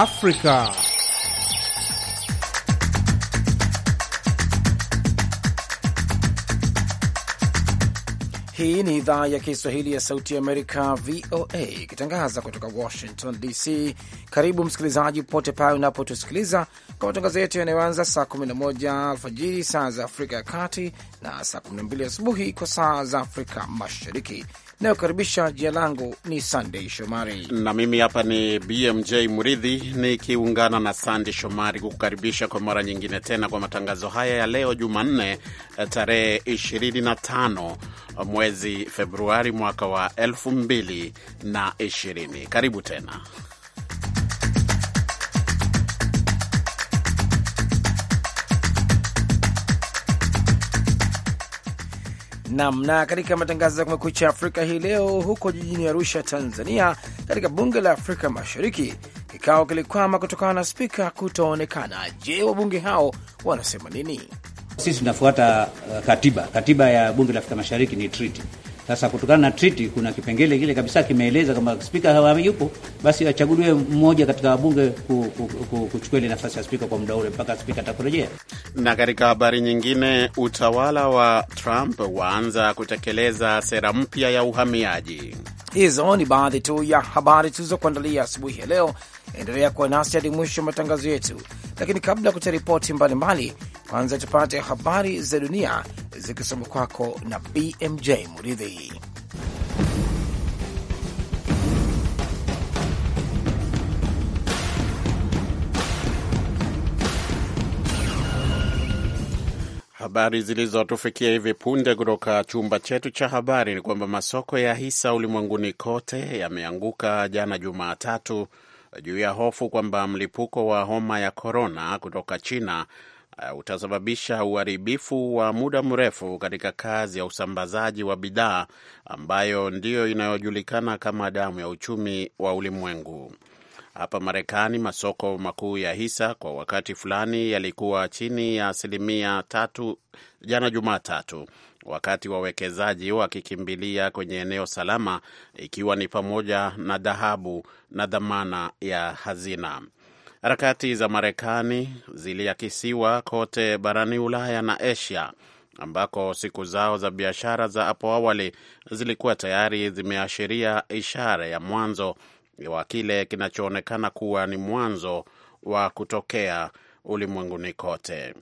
Afrika. Hii ni idhaa ya Kiswahili ya Sauti Amerika, VOA, ikitangaza kutoka Washington DC. Karibu msikilizaji, popote pale unapotusikiliza kwa matangazo yetu yanayoanza saa 11 alfajiri saa za Afrika ya Kati na saa 12 asubuhi kwa saa za Afrika Mashariki inayokaribisha. Jina langu ni Sandey Shomari na mimi hapa ni BMJ Muridhi nikiungana na Sandey Shomari kukukaribisha kwa mara nyingine tena kwa matangazo haya ya leo Jumanne eh, tarehe 25 eh, mwezi Februari mwaka wa 2020. Karibu tena Nam na, katika matangazo ya Kumekucha Afrika hii leo, huko jijini Arusha, Tanzania, katika bunge la Afrika Mashariki kikao kilikwama kutokana na spika kutoonekana. Je, wabunge hao wanasema nini? Sisi tunafuata uh, katiba. Katiba ya bunge la Afrika Mashariki ni treaty sasa kutokana na treaty, kuna kipengele kile kabisa kimeeleza kama spika hawa yupo, basi achaguliwe mmoja katika wabunge kuchukua ile nafasi ya spika kwa muda ule mpaka spika atakurejea. Na katika habari nyingine, utawala wa Trump waanza kutekeleza sera mpya ya uhamiaji. Hizo ni baadhi tu ya habari tulizokuandalia asubuhi ya leo. Endelea kuwa nasi hadi mwisho wa matangazo yetu, lakini kabla ya kuta ripoti mbalimbali kwanza tupate habari za dunia zikisoma kwako na BMJ Muridhi. Habari zilizotufikia hivi punde kutoka chumba chetu cha habari ni kwamba masoko ya hisa ulimwenguni kote yameanguka jana Jumatatu juu ya hofu kwamba mlipuko wa homa ya korona kutoka China Eh, utasababisha uharibifu wa muda mrefu katika kazi ya usambazaji wa bidhaa ambayo ndiyo inayojulikana kama damu ya uchumi wa ulimwengu. Hapa Marekani, masoko makuu ya hisa kwa wakati fulani yalikuwa chini ya asilimia tatu jana Jumatatu, wakati wawekezaji wakikimbilia kwenye eneo salama, ikiwa ni pamoja na dhahabu na dhamana ya hazina. Harakati za Marekani ziliakisiwa kote barani Ulaya na Asia ambako siku zao za biashara za hapo awali zilikuwa tayari zimeashiria ishara ya mwanzo wa kile kinachoonekana kuwa ni mwanzo wa kutokea ulimwenguni kote.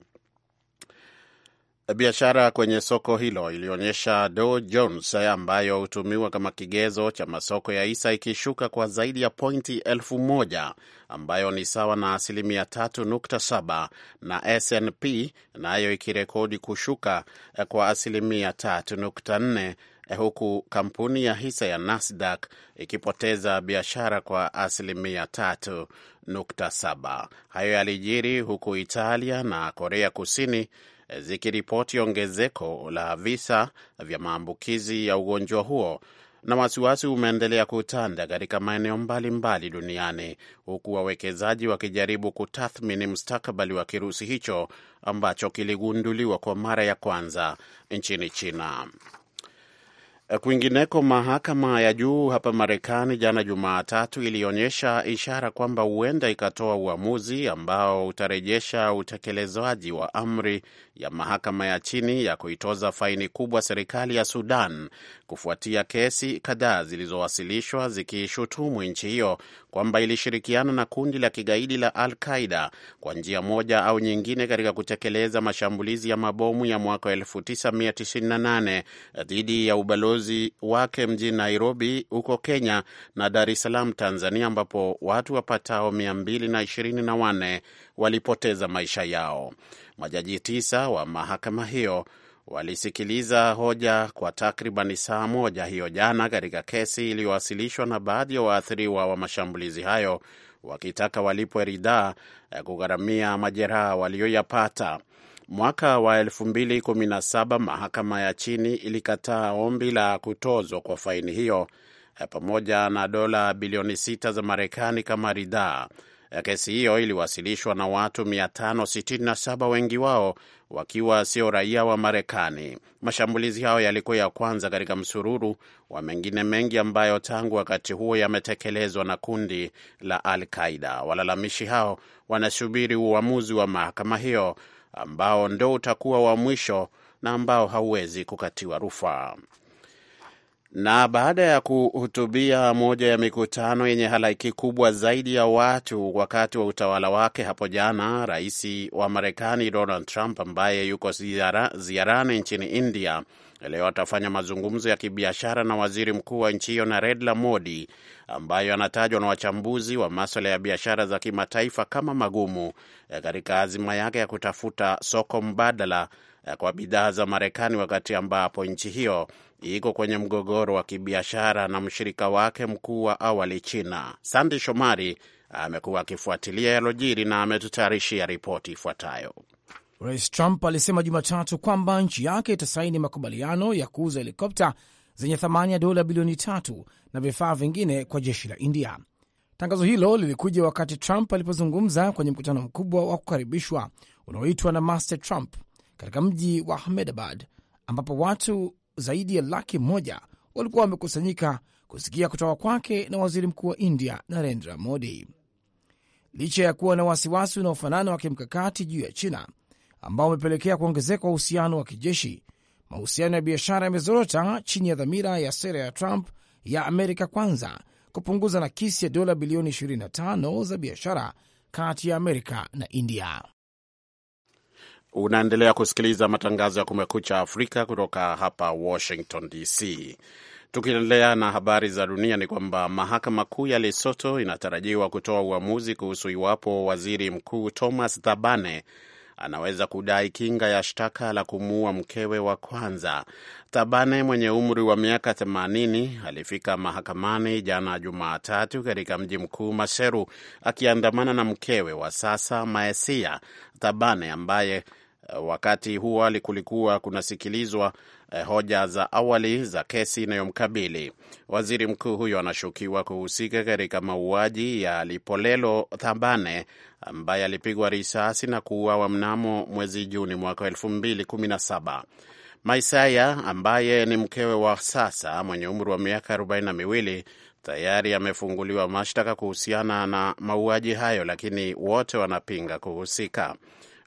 Biashara kwenye soko hilo ilionyesha Dow Jones ambayo hutumiwa kama kigezo cha masoko ya hisa ikishuka kwa zaidi ya pointi elfu moja ambayo ni sawa na asilimia 3.7 na SNP nayo ikirekodi kushuka kwa asilimia 3.4 huku kampuni ya hisa ya Nasdaq ikipoteza biashara kwa asilimia 3.7. Hayo yalijiri huku Italia na Korea Kusini zikiripoti ongezeko la visa vya maambukizi ya ugonjwa huo na wasiwasi umeendelea kutanda katika maeneo mbalimbali duniani huku wawekezaji wakijaribu kutathmini mustakabali wa kirusi hicho ambacho kiligunduliwa kwa mara ya kwanza nchini China. Eh, kwingineko, mahakama ya juu hapa Marekani jana Jumatatu ilionyesha ishara kwamba huenda ikatoa uamuzi ambao utarejesha utekelezaji wa amri ya mahakama ya chini ya kuitoza faini kubwa serikali ya Sudan kufuatia kesi kadhaa zilizowasilishwa zikishutumu nchi hiyo kwamba ilishirikiana na kundi la kigaidi la Al Qaida kwa njia moja au nyingine katika kutekeleza mashambulizi ya mabomu ya mwaka 1998 dhidi ya ubalozi ubalozi wake mjini Nairobi huko Kenya na Dar es Salaam Tanzania, ambapo watu wapatao 224 walipoteza maisha yao. Majaji tisa wa mahakama hiyo walisikiliza hoja kwa takribani saa moja hiyo jana katika kesi iliyowasilishwa na baadhi ya waathiriwa wa mashambulizi hayo wakitaka walipwe ridhaa ya kugharamia majeraha walioyapata. Mwaka wa 2017 mahakama ya chini ilikataa ombi la kutozwa kwa faini hiyo eh, pamoja na dola bilioni 6 za Marekani kama ridhaa. Eh, kesi hiyo iliwasilishwa na watu 567 wengi wao wakiwa sio raia wa Marekani. Mashambulizi hayo yalikuwa ya kwanza katika msururu wa mengine mengi ambayo tangu wakati huo yametekelezwa na kundi la Al Qaida. Walalamishi hao wanasubiri uamuzi wa mahakama hiyo ambao ndo utakuwa wa mwisho na ambao hauwezi kukatiwa rufaa. Na baada ya kuhutubia moja ya mikutano yenye halaiki kubwa zaidi ya watu wakati wa utawala wake hapo jana, rais wa Marekani Donald Trump ambaye yuko ziara, ziarani nchini India leo atafanya mazungumzo ya kibiashara na waziri mkuu wa nchi hiyo Narendra Modi, ambayo anatajwa na wachambuzi wa maswala ya biashara za kimataifa kama magumu eh, katika azima yake ya kutafuta soko mbadala eh, kwa bidhaa za Marekani, wakati ambapo nchi hiyo iko kwenye mgogoro wa kibiashara na mshirika wake mkuu wa awali China. Sandi Shomari amekuwa akifuatilia yalojiri na ametutayarishia ripoti ifuatayo. Rais Trump alisema Jumatatu kwamba nchi yake itasaini makubaliano ya kuuza helikopta zenye thamani ya dola bilioni tatu na vifaa vingine kwa jeshi la India. Tangazo hilo lilikuja wakati Trump alipozungumza kwenye mkutano mkubwa wa kukaribishwa unaoitwa na Master Trump katika mji wa Ahmedabad, ambapo watu zaidi ya laki moja walikuwa wamekusanyika kusikia kutoka kwake na waziri mkuu wa India Narendra Modi. Licha ya kuwa na wasiwasi unaofanana wa kimkakati juu ya China, ambao umepelekea kuongezeka kwa uhusiano wa kijeshi. Mahusiano ya biashara yamezorota chini ya dhamira ya sera ya Trump ya Amerika kwanza kupunguza nakisi ya dola bilioni 25 za biashara kati ya Amerika na India. Unaendelea kusikiliza matangazo ya Kumekucha Afrika kutoka hapa Washington DC. Tukiendelea na habari za dunia, ni kwamba mahakama kuu ya Lesoto inatarajiwa kutoa uamuzi kuhusu iwapo waziri mkuu Thomas Thabane anaweza kudai kinga ya shtaka la kumuua mkewe wa kwanza. Tabane mwenye umri wa miaka 80 alifika mahakamani jana Jumatatu katika mji mkuu Maseru akiandamana na mkewe wa sasa Maesia Tabane ambaye Eh, wakati huo kulikuwa kunasikilizwa eh, hoja za awali za kesi inayomkabili waziri mkuu huyo. Anashukiwa kuhusika katika mauaji ya Lipolelo Thabane ambaye alipigwa risasi na kuuawa mnamo mwezi Juni mwaka elfu mbili kumi na saba. Maisaya ambaye ni mkewe wa sasa mwenye umri wa miaka arobaini na miwili tayari amefunguliwa mashtaka kuhusiana na mauaji hayo, lakini wote wanapinga kuhusika.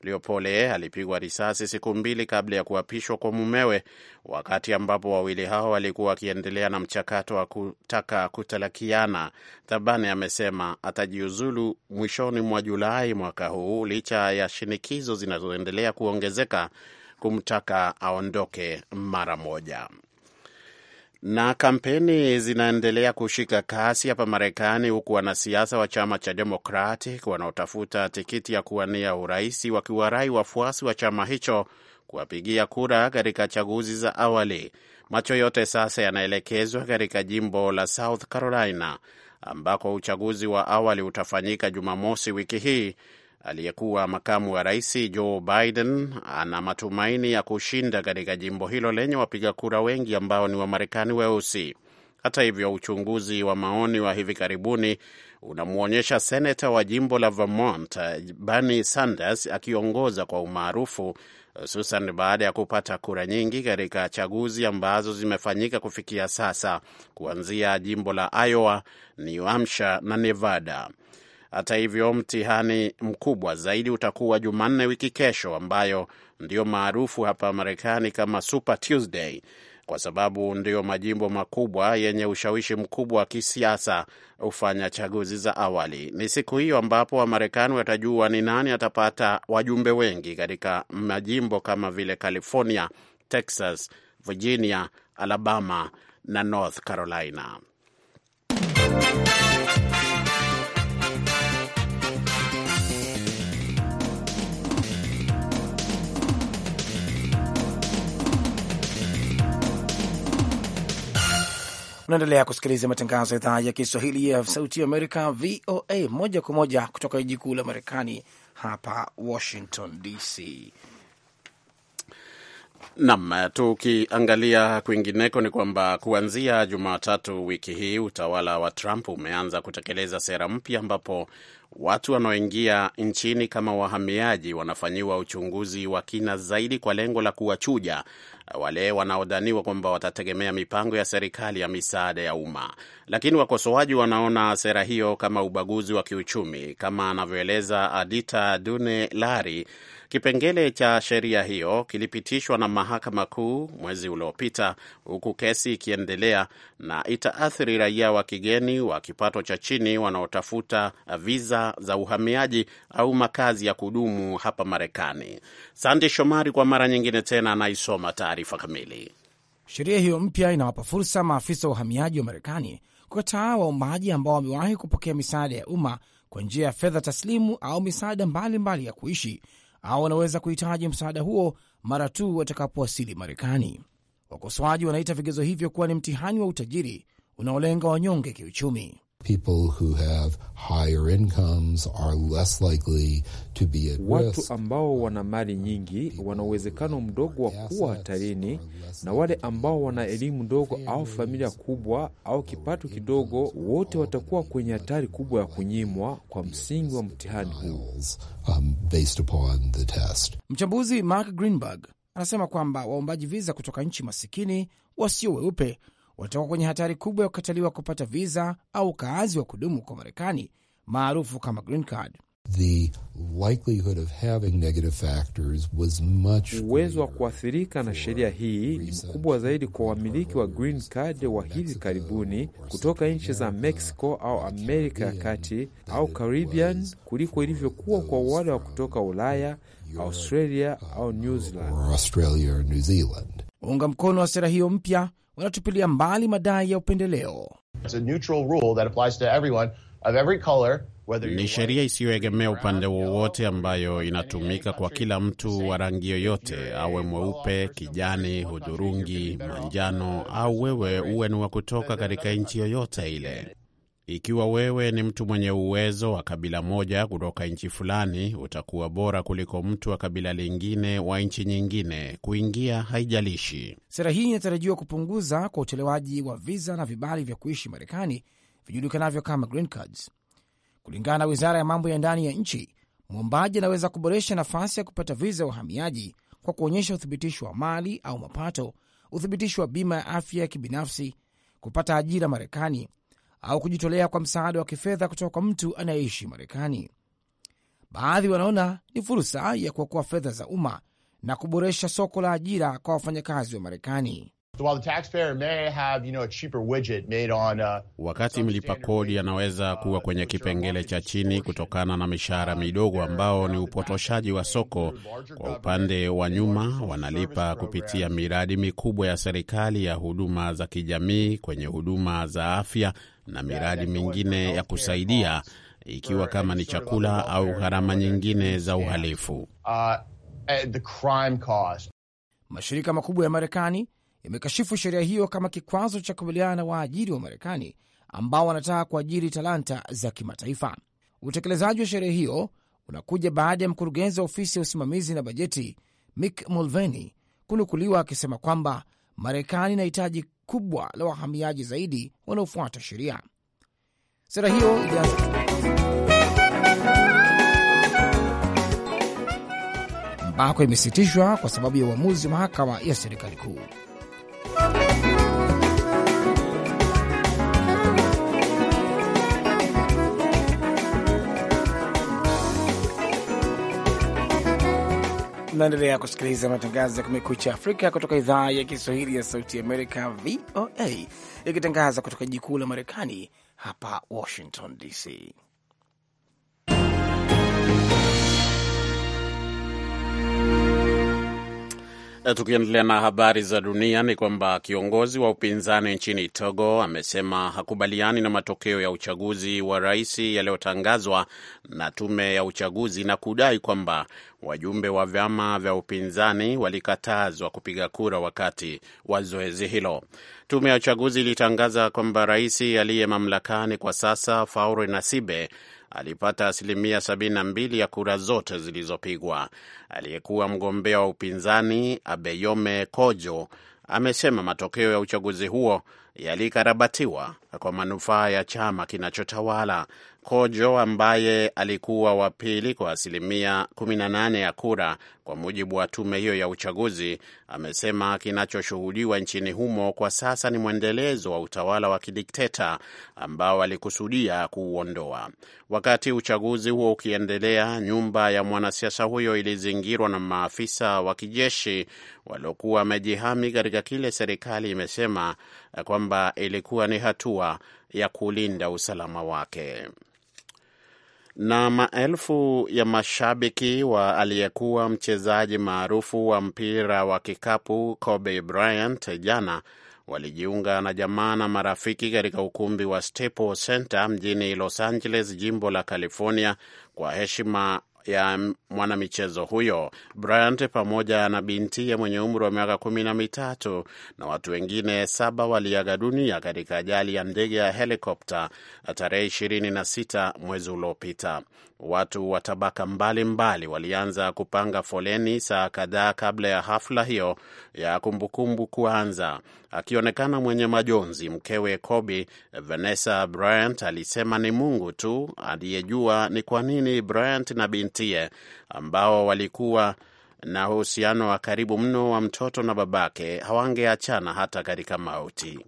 Leopole alipigwa risasi siku mbili kabla ya kuapishwa kwa mumewe, wakati ambapo wawili hao walikuwa wakiendelea na mchakato wa kutaka kutalakiana. Thabane amesema atajiuzulu mwishoni mwa Julai mwaka huu licha ya shinikizo zinazoendelea kuongezeka kumtaka aondoke mara moja. Na kampeni zinaendelea kushika kasi hapa Marekani, huku wanasiasa wa chama cha Democratic wanaotafuta tikiti ya kuwania urais wakiwarai wafuasi wa chama hicho kuwapigia kura katika chaguzi za awali. Macho yote sasa yanaelekezwa katika jimbo la South Carolina ambako uchaguzi wa awali utafanyika Jumamosi wiki hii aliyekuwa makamu wa rais Joe Biden ana matumaini ya kushinda katika jimbo hilo lenye wapiga kura wengi ambao ni Wamarekani weusi. Hata hivyo, uchunguzi wa maoni wa hivi karibuni unamwonyesha seneta wa jimbo la Vermont Bernie Sanders akiongoza kwa umaarufu, hususan baada ya kupata kura nyingi katika chaguzi ambazo zimefanyika kufikia sasa, kuanzia jimbo la Iowa, New Hampshire na Nevada. Hata hivyo, mtihani mkubwa zaidi utakuwa Jumanne wiki kesho, ambayo ndiyo maarufu hapa Marekani kama Super Tuesday kwa sababu ndiyo majimbo makubwa yenye ushawishi mkubwa wa kisiasa hufanya chaguzi za awali. Ni siku hiyo ambapo Wamarekani watajua ni nani atapata wajumbe wengi katika majimbo kama vile California, Texas, Virginia, Alabama na North Carolina. Unaendelea kusikiliza matangazo ya idhaa ya Kiswahili ya Sauti ya Amerika, VOA, moja kwa moja kutoka jiji kuu la Marekani, hapa Washington DC. Nam, tukiangalia kwingineko ni kwamba kuanzia Jumatatu wiki hii utawala wa Trump umeanza kutekeleza sera mpya ambapo Watu wanaoingia nchini kama wahamiaji wanafanyiwa uchunguzi wa kina zaidi kwa lengo la kuwachuja wale wanaodhaniwa kwamba watategemea mipango ya serikali ya misaada ya umma. Lakini wakosoaji wanaona sera hiyo kama ubaguzi wa kiuchumi, kama anavyoeleza Adita Dune Lari, Kipengele cha sheria hiyo kilipitishwa na mahakama kuu mwezi uliopita, huku kesi ikiendelea na itaathiri raia wa kigeni wa kipato cha chini wanaotafuta viza za uhamiaji au makazi ya kudumu hapa Marekani. Sande Shomari kwa mara nyingine tena anaisoma taarifa kamili. Sheria hiyo mpya inawapa fursa maafisa wa uhamiaji wa Marekani kukataa waombaji ambao wamewahi kupokea misaada ya umma kwa njia ya fedha taslimu au misaada mbalimbali mbali ya kuishi au wanaweza kuhitaji msaada huo mara tu watakapowasili Marekani. Wakosoaji wanaita vigezo hivyo kuwa ni mtihani wa utajiri unaolenga wanyonge kiuchumi. People who have higher incomes are less likely to be at watu risk. Ambao wana mali nyingi wana uwezekano mdogo wa kuwa hatarini, na wale ambao wana elimu ndogo au familia kubwa au kipato kidogo, wote watakuwa kwenye hatari kubwa ya kunyimwa kwa msingi wa mtihani huu. Um, Mchambuzi Mark Greenberg anasema kwamba waombaji viza kutoka nchi masikini wasio weupe watakuwa kwenye hatari kubwa ya kukataliwa kupata viza au ukaazi wa kudumu kwa Marekani maarufu kama green card. Uwezo wa kuathirika na sheria hii ni mkubwa zaidi kwa wamiliki wa green card wa hivi karibuni kutoka nchi za Mexico au Amerika ya Kati au Caribbean kuliko ilivyokuwa kwa wale wa kutoka Ulaya, Australia au New Zealand. mkono wa sera hiyo mpya wanatupilia mbali madai ya upendeleo. Ni sheria isiyoegemea upande wowote ambayo inatumika kwa kila mtu wa rangi yoyote, awe mweupe, kijani, hudhurungi, manjano au wewe uwe ni wa kutoka katika nchi yoyote ile. Ikiwa wewe ni mtu mwenye uwezo wa kabila moja kutoka nchi fulani, utakuwa bora kuliko mtu wa kabila lingine wa nchi nyingine kuingia, haijalishi. Sera hii inatarajiwa kupunguza kwa utolewaji wa viza na vibali vya kuishi Marekani vijulikanavyo kama green cards. Kulingana na wizara ya mambo ya ndani ya nchi, mwombaji anaweza kuboresha nafasi ya kupata viza ya uhamiaji kwa kuonyesha uthibitisho wa mali au mapato, uthibitisho wa bima ya afya ya kibinafsi, kupata ajira Marekani au kujitolea kwa msaada wa kifedha kutoka kwa mtu anayeishi Marekani. Baadhi wanaona ni fursa ya kuokoa fedha za umma na kuboresha soko la ajira kwa wafanyakazi wa Marekani. So while the taxpayer may have, you know, a cheaper widget made on, uh, wakati mlipa kodi anaweza uh, kuwa kwenye kipengele cha chini kutokana na mishahara uh, midogo ambao ni upotoshaji wa soko. Kwa upande wa nyuma, wanalipa kupitia miradi mikubwa ya serikali ya huduma za kijamii kwenye huduma za afya na miradi mingine ya kusaidia, ikiwa kama ni chakula au gharama nyingine za uhalifu. Uh, Mashirika makubwa ya Marekani yamekashifu sheria hiyo kama kikwazo cha kukabiliana na waajiri wa Marekani ambao wanataka kuajiri talanta za kimataifa. Utekelezaji wa sheria hiyo unakuja baada ya mkurugenzi wa ofisi ya usimamizi na bajeti Mick Mulvaney kunukuliwa akisema kwamba Marekani inahitaji kubwa la wahamiaji zaidi wanaofuata sheria. Sera hiyo ilianza ambako imesitishwa kwa sababu ya uamuzi wa mahakama ya serikali kuu. Tunaendelea kusikiliza matangazo ya Kumekucha Afrika kutoka idhaa ya Kiswahili ya Sauti Amerika, VOA, ikitangaza kutoka jikuu la Marekani hapa Washington DC. Tukiendelea na habari za dunia ni kwamba kiongozi wa upinzani nchini Togo amesema hakubaliani na matokeo ya uchaguzi wa rais yaliyotangazwa na tume ya uchaguzi na kudai kwamba wajumbe wa vyama vya upinzani walikatazwa kupiga kura wakati wa zoezi hilo. Tume ya uchaguzi ilitangaza kwamba rais aliye mamlakani kwa sasa Faure Nasibe alipata asilimia 72 ya kura zote zilizopigwa. Aliyekuwa mgombea wa upinzani Abeyome Kojo amesema matokeo ya uchaguzi huo yalikarabatiwa kwa manufaa ya chama kinachotawala. Kojo ambaye alikuwa wa pili kwa asilimia 18 ya kura kwa mujibu wa tume hiyo ya uchaguzi, amesema kinachoshuhudiwa nchini humo kwa sasa ni mwendelezo wa utawala wa kidikteta ambao alikusudia kuuondoa. Wakati uchaguzi huo ukiendelea, nyumba ya mwanasiasa huyo ilizingirwa na maafisa wa kijeshi waliokuwa wamejihami katika kile serikali imesema kwamba ilikuwa ni hatua ya kulinda usalama wake. Na maelfu ya mashabiki wa aliyekuwa mchezaji maarufu wa mpira wa kikapu Kobe Bryant jana walijiunga na jamaa na marafiki katika ukumbi wa Staples Center mjini Los Angeles, jimbo la California, kwa heshima ya mwanamichezo huyo. Bryant pamoja na bintiye mwenye umri wa miaka kumi na mitatu na watu wengine saba waliaga dunia katika ajali ya ndege ya helikopta tarehe ishirini na sita mwezi uliopita. Watu wa tabaka mbalimbali walianza kupanga foleni saa kadhaa kabla ya hafla hiyo ya kumbukumbu kuanza. Akionekana mwenye majonzi, mkewe Kobe, Vanessa Bryant, alisema ni Mungu tu aliyejua ni kwa nini Bryant na bintie ambao walikuwa na uhusiano wa karibu mno wa mtoto na babake hawangeachana hata katika mauti.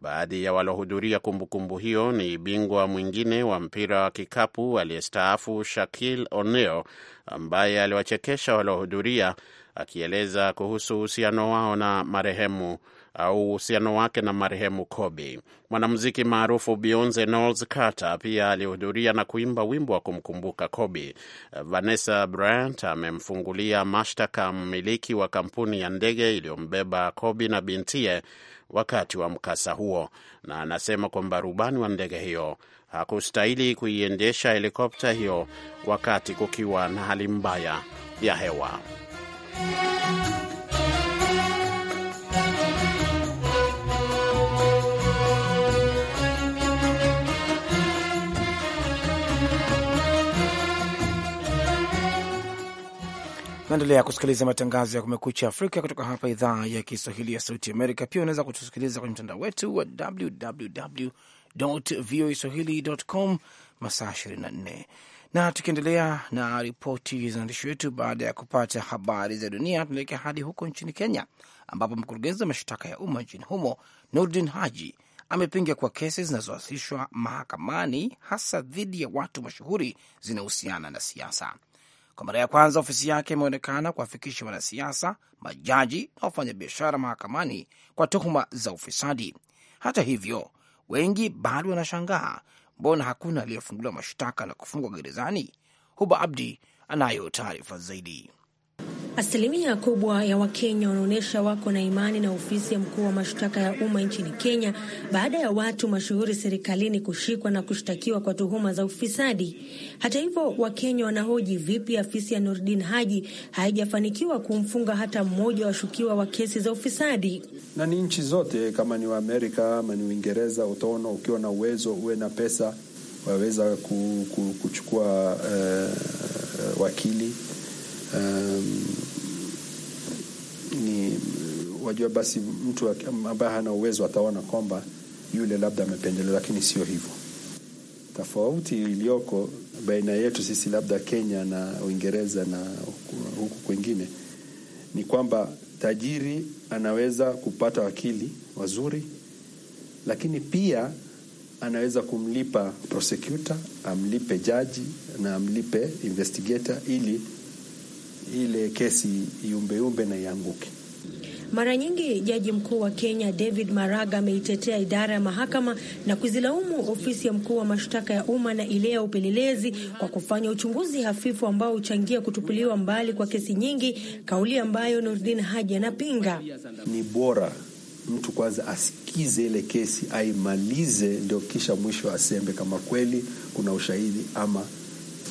Baadhi ya walohudhuria kumbukumbu hiyo ni bingwa mwingine wa mpira wa kikapu aliyestaafu Shaquille O'Neal, ambaye aliwachekesha walohudhuria akieleza kuhusu uhusiano wao na marehemu au uhusiano wake na marehemu Kobe. Mwanamuziki maarufu Beyonce Knowles Carter pia alihudhuria na kuimba wimbo wa kumkumbuka Kobe. Vanessa Bryant amemfungulia mashtaka mmiliki wa kampuni ya ndege iliyombeba Kobe na bintie wakati wa mkasa huo, na anasema kwamba rubani wa ndege hiyo hakustahili kuiendesha helikopta hiyo wakati kukiwa na hali mbaya ya hewa. Naendelea kusikiliza matangazo ya Kumekucha Afrika kutoka hapa idhaa ya Kiswahili ya Sauti Amerika. Pia unaweza kutusikiliza kwenye mtandao wetu wa www voa masaa 24 na tukiendelea na ripoti za waandishi wetu. Baada ya kupata habari za dunia, tunaelekea hadi huko nchini Kenya, ambapo mkurugenzi wa mashtaka ya umma nchini humo Nurdin Haji amepinga kuwa kesi zinazowasilishwa mahakamani hasa dhidi ya watu mashuhuri zinahusiana na siasa. Kwa mara ya kwanza ofisi yake imeonekana kuwafikisha wanasiasa, majaji na wafanyabiashara mahakamani kwa tuhuma za ufisadi. Hata hivyo, wengi bado wanashangaa mbona hakuna aliyefunguliwa mashtaka na kufungwa gerezani. Huba Abdi anayo taarifa zaidi. Asilimia kubwa ya Wakenya wanaonyesha wako na imani na ofisi ya mkuu wa mashtaka ya umma nchini Kenya baada ya watu mashuhuri serikalini kushikwa na kushtakiwa kwa tuhuma za ufisadi. Hata hivyo, Wakenya wanahoji vipi afisi ya Nurdin Haji haijafanikiwa kumfunga hata mmoja washukiwa wa kesi za ufisadi. Na ni nchi zote, kama ni Waamerika ama ni Uingereza, utaona ukiwa na uwezo, uwe na pesa, waweza kuchukua uh, wakili um, ni wajua, basi mtu ambaye hana uwezo ataona kwamba yule labda amependelea, lakini sio hivyo. Tofauti iliyoko baina yetu sisi labda Kenya na Uingereza na huku kwengine ni kwamba tajiri anaweza kupata wakili wazuri, lakini pia anaweza kumlipa prosecutor, amlipe jaji na amlipe investigator ili ile kesi yumbeumbe na ianguke. Mara nyingi jaji mkuu wa Kenya David Maraga ameitetea idara ya mahakama na kuzilaumu ofisi ya mkuu wa mashtaka ya umma na ile ya upelelezi kwa kufanya uchunguzi hafifu ambao huchangia kutupiliwa mbali kwa kesi nyingi, kauli ambayo Nurdin Haji anapinga. Ni bora mtu kwanza asikize ile kesi aimalize, ndio kisha mwisho asembe kama kweli kuna ushahidi ama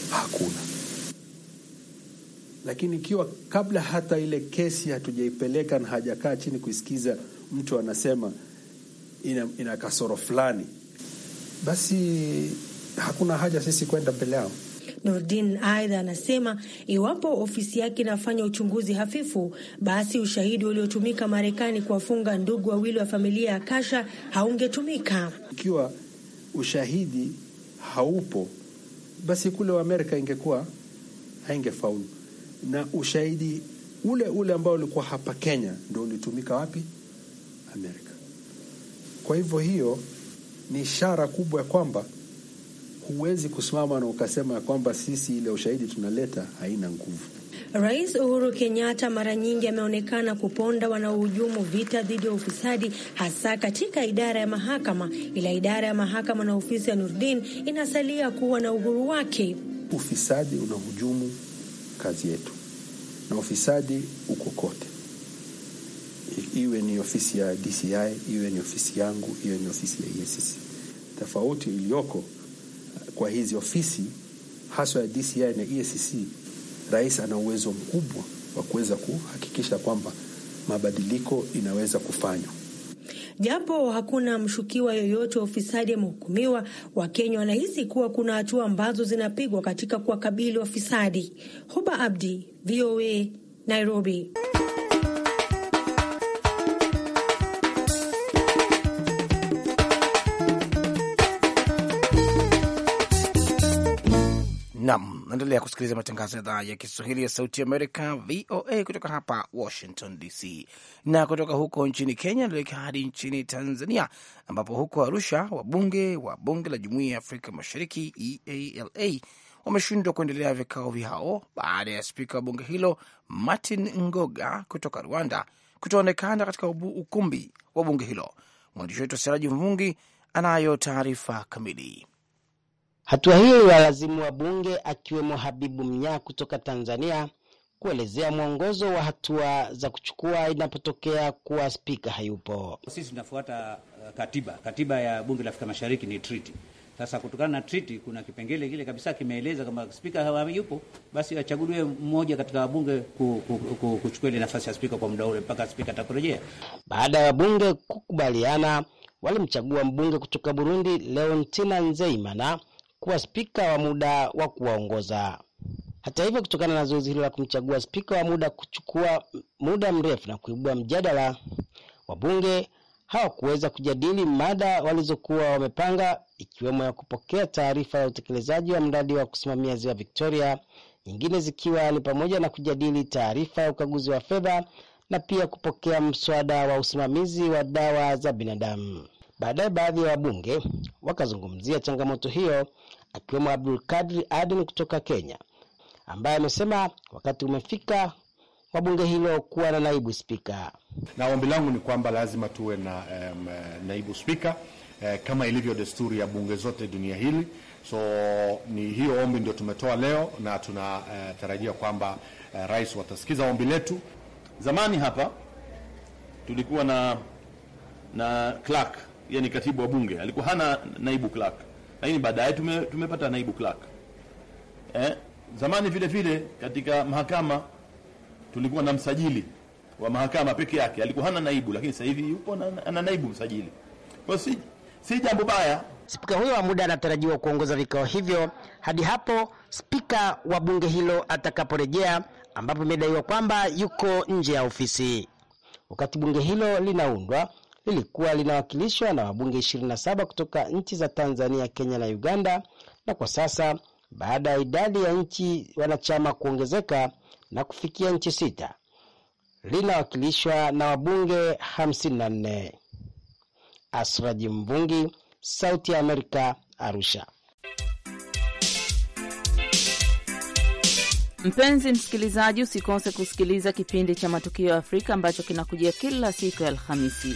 hakuna. Lakini ikiwa kabla hata ile kesi hatujaipeleka na hajakaa chini kuisikiza, mtu anasema ina, ina kasoro fulani, basi hakuna haja sisi kwenda mbele yao. Nurdin aidha anasema iwapo ofisi yake inafanya uchunguzi hafifu, basi ushahidi uliotumika Marekani kuwafunga ndugu wawili wa familia ya Kasha haungetumika. Ikiwa ushahidi haupo, basi kule Amerika ingekuwa haingefaulu na ushahidi ule ule ambao ulikuwa hapa Kenya ndio ulitumika wapi? Amerika. Kwa hivyo hiyo ni ishara kubwa ya kwamba huwezi kusimama na ukasema ya kwamba sisi ile ushahidi tunaleta haina nguvu. Rais Uhuru Kenyatta mara nyingi ameonekana kuponda wanaohujumu vita dhidi ya ufisadi hasa katika idara ya mahakama, ila idara ya mahakama na ofisi ya Nurdin inasalia kuwa na uhuru wake. Ufisadi unahujumu kazi yetu, na ufisadi uko kote, iwe ni ofisi ya DCI, iwe ni ofisi yangu, iwe ni ofisi ya EACC. Tofauti iliyoko eh, kwa hizi ofisi haswa ya DCI na EACC, rais ana uwezo mkubwa wa kuweza kuhakikisha kwamba mabadiliko inaweza kufanywa. Japo hakuna mshukiwa yoyote wa ufisadi amehukumiwa, Wakenya wanahisi kuwa kuna hatua ambazo zinapigwa katika kuwakabili wafisadi. Huba Abdi, VOA, Nairobi. Nam. Naendelea kusikiliza matangazo ya idhaa ya Kiswahili ya Sauti Amerika, VOA, kutoka hapa Washington DC. Na kutoka huko nchini Kenya naelekea hadi nchini Tanzania, ambapo huko Arusha wabunge wa Bunge la Jumuiya ya Afrika Mashariki, EALA, wameshindwa kuendelea vikao vyao baada ya spika wa bunge hilo Martin Ngoga kutoka Rwanda kutoonekana katika ukumbi wa bunge hilo. Mwandishi wetu Seraji Mvungi anayo taarifa kamili. Hatua hiyo iwalazimu bunge akiwemo Habibu Mnyaa kutoka Tanzania kuelezea mwongozo wa hatua za kuchukua inapotokea kuwa spika hayupo. Sisi tunafuata uh, katiba. Katiba ya bunge la Afrika Mashariki ni treaty. Sasa kutokana na treaty, kuna kipengele kile kabisa kimeeleza kwamba spika hayupo, basi achaguliwe mmoja katika wabunge kuchukua ile nafasi ya spika kwa muda ule mpaka spika atakurejea. Baada ya wabunge kukubaliana, walimchagua mbunge kutoka Burundi Leontina Nzeimana kuwa spika wa muda wa kuwaongoza. Hata hivyo, kutokana na zoezi hilo la kumchagua spika wa muda kuchukua muda mrefu na kuibua mjadala, wabunge hawakuweza kujadili mada walizokuwa wamepanga, ikiwemo ya kupokea taarifa ya utekelezaji wa mradi wa kusimamia ziwa Victoria, nyingine zikiwa ni pamoja na kujadili taarifa ya ukaguzi wa fedha na pia kupokea mswada wa usimamizi wa dawa za binadamu. Baadaye baadhi ya wabunge wakazungumzia changamoto hiyo akiwemo Abdul Kadri Aden kutoka Kenya, ambaye amesema wakati umefika wa bunge hilo kuwa na naibu spika. Na ombi langu ni kwamba lazima tuwe na um, naibu spika eh, kama ilivyo desturi ya bunge zote dunia hili. So ni hiyo ombi ndio tumetoa leo, na tunatarajia eh, uh, kwamba uh, rais watasikiza ombi letu. Zamani hapa tulikuwa na na clerk, yani katibu wa bunge alikuwa hana naibu clerk lakini baadaye tume, tumepata naibu clerk eh. Zamani vile vile katika mahakama tulikuwa na msajili wa mahakama peke yake, alikuwa hana naibu, lakini sasa hivi yupo na, ana naibu msajili. Kwa si, si jambo baya. Spika huyo wa muda anatarajiwa kuongoza vikao hivyo hadi hapo spika wa bunge hilo atakaporejea, ambapo imedaiwa kwamba yuko nje ya ofisi wakati bunge hilo linaundwa lilikuwa linawakilishwa na wabunge 27 kutoka nchi za Tanzania, Kenya na Uganda, na kwa sasa baada ya idadi ya nchi wanachama kuongezeka na kufikia nchi sita, linawakilishwa na wabunge 54. Asraji Mvungi, Sauti ya Amerika, Arusha. Mpenzi msikilizaji, usikose kusikiliza kipindi cha Matukio ya Afrika ambacho kinakujia kila siku ya Alhamisi.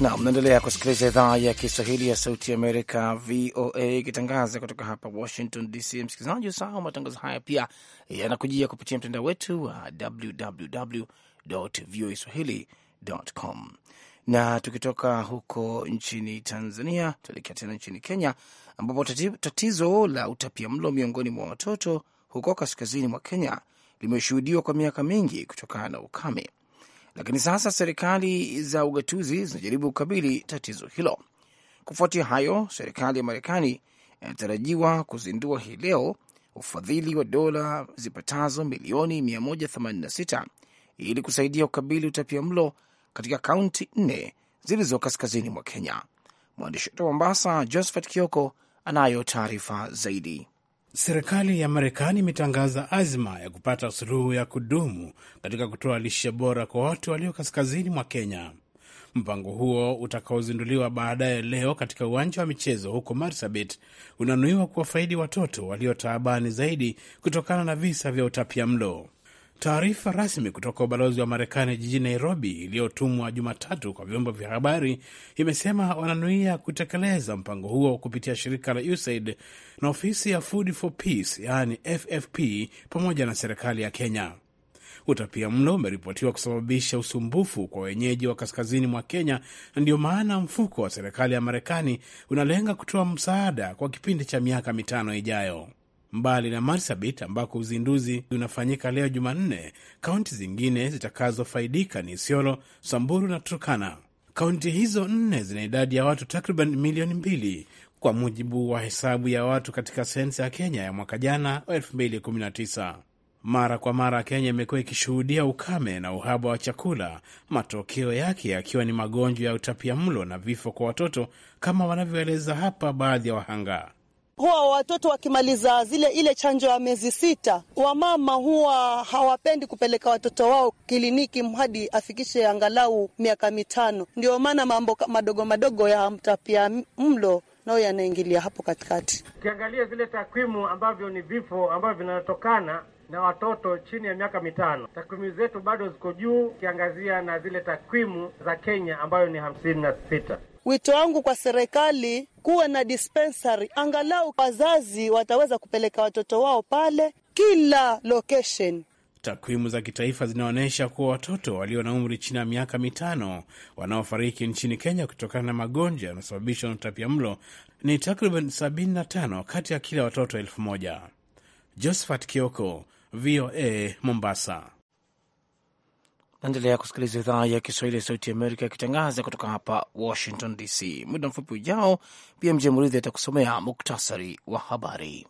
na mnaendelea kusikiliza idhaa ya Kiswahili ya Sauti Amerika, VOA, ikitangaza kutoka hapa Washington DC. Msikilizaji, usahau matangazo haya pia yanakujia kupitia mtandao wetu wa www voa swahili.com. Na tukitoka huko nchini Tanzania, tuelekea tena nchini Kenya, ambapo tatizo la utapia mlo miongoni mwa watoto huko kaskazini mwa Kenya limeshuhudiwa kwa miaka mingi kutokana na ukame lakini sasa serikali za ugatuzi zinajaribu kukabili tatizo hilo. Kufuatia hayo, serikali ya Marekani inatarajiwa kuzindua hii leo ufadhili wa dola zipatazo milioni 186 ili kusaidia kukabili utapia mlo katika kaunti nne zilizo kaskazini mwa Kenya. Mwandishi wetu wa Mombasa, Josephat Kioko, anayo taarifa zaidi. Serikali ya Marekani imetangaza azma ya kupata suluhu ya kudumu katika kutoa lishe bora kwa watu walio kaskazini mwa Kenya. Mpango huo utakaozinduliwa baadaye leo katika uwanja wa michezo huko Marsabit unanuiwa kuwafaidi watoto walio taabani zaidi kutokana na visa vya utapia mlo. Taarifa rasmi kutoka ubalozi wa Marekani jijini Nairobi, iliyotumwa Jumatatu kwa vyombo vya habari, imesema wananuia kutekeleza mpango huo kupitia shirika la USAID na ofisi ya Food for Peace, yaani FFP, pamoja na serikali ya Kenya. Utapia mlo umeripotiwa kusababisha usumbufu kwa wenyeji wa kaskazini mwa Kenya, na ndiyo maana mfuko wa serikali ya Marekani unalenga kutoa msaada kwa kipindi cha miaka mitano ijayo. Mbali na Marsabit ambako uzinduzi unafanyika leo Jumanne, kaunti zingine zitakazofaidika ni Isiolo, Samburu na Turkana. Kaunti hizo nne zina idadi ya watu takriban milioni mbili kwa mujibu wa hesabu ya watu katika sensa ya Kenya ya mwaka jana 2019. Mara kwa mara Kenya imekuwa ikishuhudia ukame na uhaba wa chakula, matokeo yake yakiwa ni magonjwa ya utapia mlo na vifo kwa watoto, kama wanavyoeleza hapa baadhi ya wahanga huwa watoto wakimaliza zile ile chanjo ya miezi sita, wamama huwa hawapendi kupeleka watoto wao kliniki hadi afikishe angalau miaka mitano. Ndio maana mambo madogo madogo ya mtapia mlo nayo yanaingilia hapo katikati. Ukiangalia zile takwimu ambavyo ni vifo ambavyo vinatokana na watoto chini ya miaka mitano, takwimu zetu bado ziko juu, ukiangazia na zile takwimu za Kenya ambayo ni hamsini na sita. Wito wangu kwa serikali kuwe na dispensary, angalau wazazi wataweza kupeleka watoto wao pale kila location. Takwimu za kitaifa zinaonyesha kuwa watoto walio na umri chini ya miaka mitano wanaofariki nchini Kenya kutokana na magonjwa yanayosababishwa na utapia mlo ni takriban 75 kati ya kila watoto elfu moja. Josephat Kioko, VOA, Mombasa. Naendelea kusikiliza idhaa ya Kiswahili ya Sauti Amerika ikitangaza kutoka hapa Washington DC. Muda mfupi ujao, BMJ Murithi atakusomea muktasari wa habari.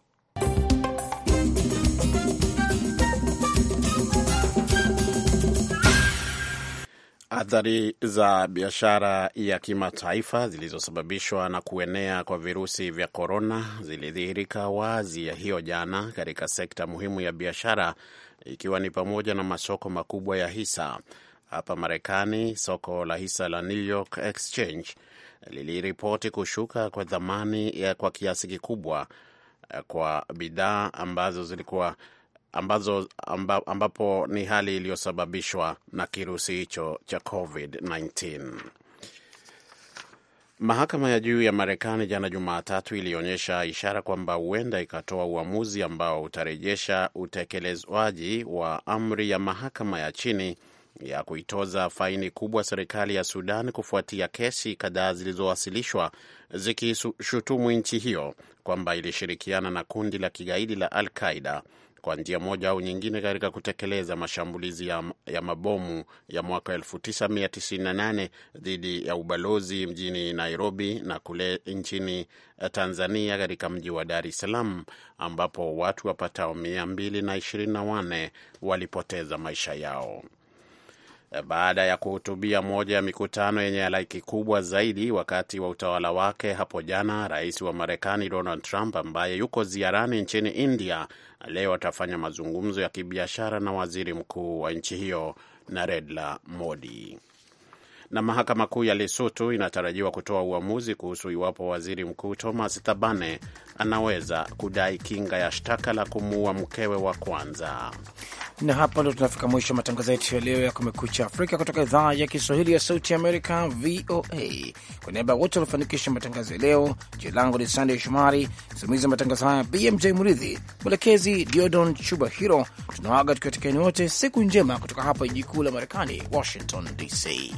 Athari za biashara ya kimataifa zilizosababishwa na kuenea kwa virusi vya korona zilidhihirika wazi ya hiyo jana katika sekta muhimu ya biashara, ikiwa ni pamoja na masoko makubwa ya hisa hapa Marekani. Soko la hisa la New York Exchange liliripoti kushuka kwa thamani ya kwa kiasi kikubwa kwa bidhaa ambazo zilikuwa ambazo amba, ambapo ni hali iliyosababishwa na kirusi hicho cha COVID-19. Mahakama ya juu ya Marekani jana Jumatatu ilionyesha ishara kwamba huenda ikatoa uamuzi ambao utarejesha utekelezwaji wa amri ya mahakama ya chini ya kuitoza faini kubwa serikali ya Sudan kufuatia kesi kadhaa zilizowasilishwa zikishutumu nchi hiyo kwamba ilishirikiana na kundi la kigaidi la Al Qaida kwa njia moja au nyingine katika kutekeleza mashambulizi ya, ya mabomu ya mwaka 1998 dhidi ya ubalozi mjini Nairobi na kule nchini eh, Tanzania katika mji wa Dar es Salaam ambapo watu wapatao 224 walipoteza maisha yao baada ya kuhutubia moja ya mikutano yenye halaiki kubwa zaidi wakati wa utawala wake hapo jana, rais wa Marekani Donald Trump ambaye yuko ziarani nchini India leo atafanya mazungumzo ya kibiashara na waziri mkuu wa nchi hiyo Narendra Modi. Na mahakama kuu ya Lesotho inatarajiwa kutoa uamuzi kuhusu iwapo waziri mkuu Thomas Thabane anaweza kudai kinga ya shtaka la kumuua mkewe wa kwanza. Na hapa ndo tunafika mwisho wa matangazo yetu ya leo ya Kumekucha Afrika kutoka idhaa ya Kiswahili ya Sauti Amerika, VOA. Kwa niaba ya wote waliofanikisha matangazo ya leo, jina langu ni Sandey Shomari, msimamizi wa matangazo haya BMJ Muridhi, mwelekezi Diodon chuba hiro Tunawaaga tukiwatakieni wote siku njema kutoka hapa jiji kuu la Marekani, Washington DC.